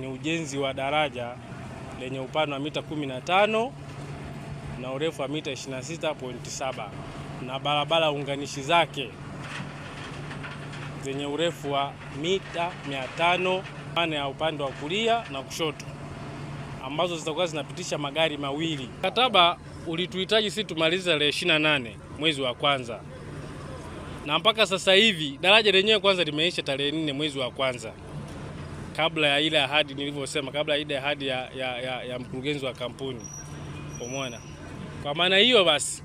ni ujenzi wa daraja lenye upana wa mita 15 na urefu wa mita 26.7 na barabara unganishi zake zenye urefu wa mita 500 maana ya upande wa kulia na kushoto ambazo zitakuwa zinapitisha magari mawili. Mkataba ulituhitaji sisi tumalize tarehe 28 mwezi wa kwanza, na mpaka sasa hivi daraja lenyewe kwanza limeisha tarehe 4 mwezi wa kwanza kabla ya ile ahadi nilivyosema, kabla ya ile ahadi ya, ya, ya, ya mkurugenzi wa kampuni. Umeona? Kwa maana hiyo basi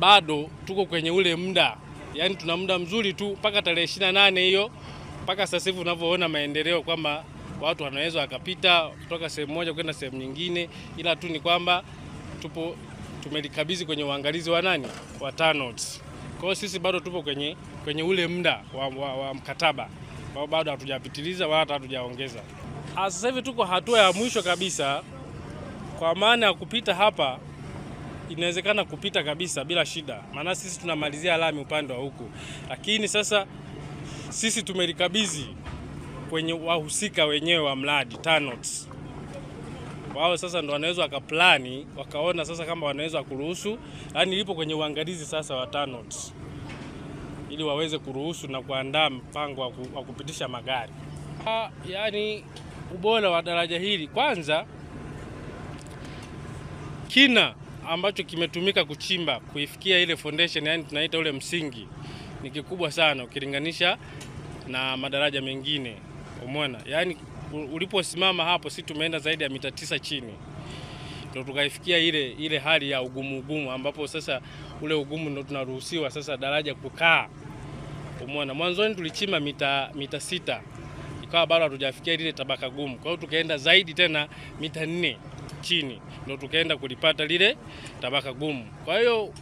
bado tuko kwenye ule muda, yani tuna muda mzuri tu mpaka tarehe ishirini na nane hiyo, mpaka sasa hivi unavyoona maendeleo kwamba watu wanaweza wakapita kutoka sehemu moja kwenda sehemu nyingine, ila tu ni kwamba tupo tumelikabidhi kwenye uangalizi wa nani wa TANROADS. Kwa hiyo sisi bado tupo kwenye, kwenye ule muda wa, wa, wa mkataba ambao bado hatujapitiliza wala hata hatujaongeza. Ah, sasa hivi tuko hatua ya mwisho kabisa, kwa maana ya kupita hapa inawezekana kupita kabisa bila shida, maana sisi tunamalizia lami upande wa huku, lakini sasa sisi tumelikabidhi kwenye wahusika wenyewe wa mradi TANROADS. Wao sasa ndo wanaweza wakaplani, wakaona sasa kama wanaweza kuruhusu, yani lipo kwenye uangalizi sasa wa TANROADS ili waweze kuruhusu na kuandaa mpango wa kupitisha magari. yani ubora wa daraja hili kwanza, kina ambacho kimetumika kuchimba kuifikia ile foundation, yani tunaita ule msingi, ni kikubwa sana ukilinganisha na madaraja mengine. Umeona, yaani uliposimama hapo, si tumeenda zaidi ya mita tisa chini ndo tukaifikia ile ile hali ya ugumu ugumu, ambapo sasa ule ugumu ndo tunaruhusiwa sasa daraja kukaa. Umeona, mwanzoni tulichima mita, mita sita ikawa bado hatujafikia lile tabaka gumu, kwa hiyo tukaenda zaidi tena mita nne chini ndo tukaenda kulipata lile tabaka gumu. Kwa hiyo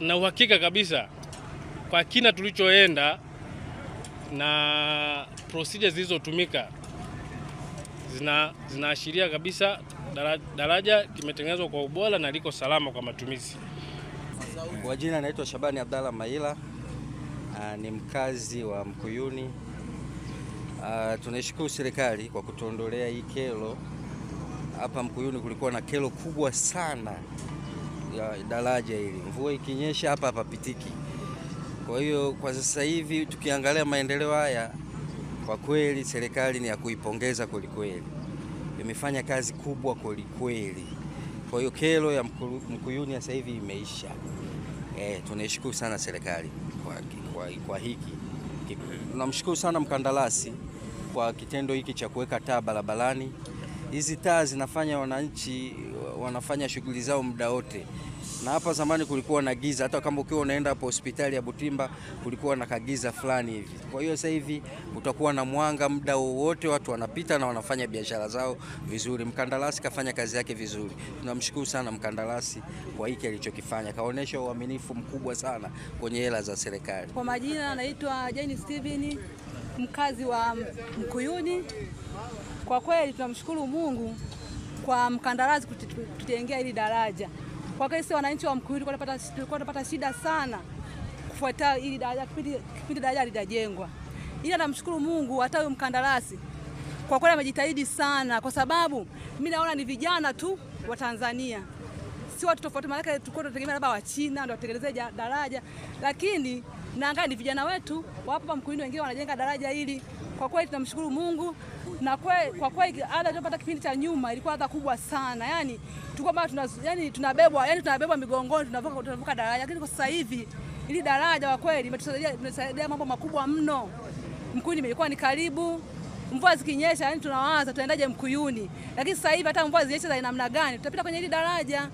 na uhakika kabisa kwa kina tulichoenda na procedures zilizotumika zinaashiria zina kabisa daraja limetengenezwa kwa ubora na liko salama kwa matumizi. Kwa jina naitwa Shabani Abdalla Maila. Ah, ni mkazi wa Mkuyuni. Ah, tunaishukuru serikali kwa kutuondolea hii kero. Hapa Mkuyuni kulikuwa na kero kubwa sana ya daraja hili, mvua ikinyesha hapa hapapitiki. Kwa hiyo kwa sasa hivi tukiangalia maendeleo haya kwa kweli serikali ni ya kuipongeza kwelikweli, imefanya kazi kubwa kwelikweli. Kwa hiyo kero ya Mkuyuni sasa hivi imeisha. E, tunaishukuru sana serikali kwa, kwa, kwa hiki. Tunamshukuru sana mkandarasi kwa kitendo hiki cha kuweka taa barabarani. Hizi taa zinafanya wananchi wanafanya shughuli zao muda wote, na hapa zamani kulikuwa na giza, hata kama ukiwa unaenda hapo hospitali ya Butimba kulikuwa na kagiza fulani hivi. Kwa hiyo sasa hivi utakuwa na mwanga muda wowote, watu wanapita na wanafanya biashara zao vizuri. Mkandarasi kafanya kazi yake vizuri, tunamshukuru sana mkandarasi kwa hiki alichokifanya, kaonesha uaminifu mkubwa sana kwenye hela za serikali. Kwa majina anaitwa Jane Steven, mkazi wa Mkuyuni. Kwa kweli tunamshukuru Mungu kwa mkandarasi kutengea hili daraja. Kwa kweli sisi wananchi wa Mkuyu tulikuwa tunapata shida sana kufuatia hili daraja kipindi, kipindi daraja litajengwa, ila namshukuru Mungu hata huyu mkandarasi kwa kweli amejitahidi sana, kwa sababu mimi naona ni vijana tu wa Tanzania, si watu tofauti, maanake tulikuwa tunategemea labda wa China ndio watengeleze daraja, lakini na angaa ni vijana wetu wapo Mkuini, wengine wanajenga daraja hili. Kwa kweli tunamshukuru Mungu na kwe, kwa kweli adha tunapata kipindi cha nyuma ilikuwa adha kubwa sana, yani tulikuwa bado tuna, yani tunabebwa yani tunabebwa migongoni tunavuka tunavuka daraja, lakini kwa sasa hivi ili daraja kwa kweli imetusaidia mambo makubwa mno. Mkuini ilikuwa ni karibu mvua zikinyesha, yani tunawaza tuendaje Mkuyuni, lakini sasa hivi hata mvua zinyesha za namna gani tutapita kwenye hili daraja.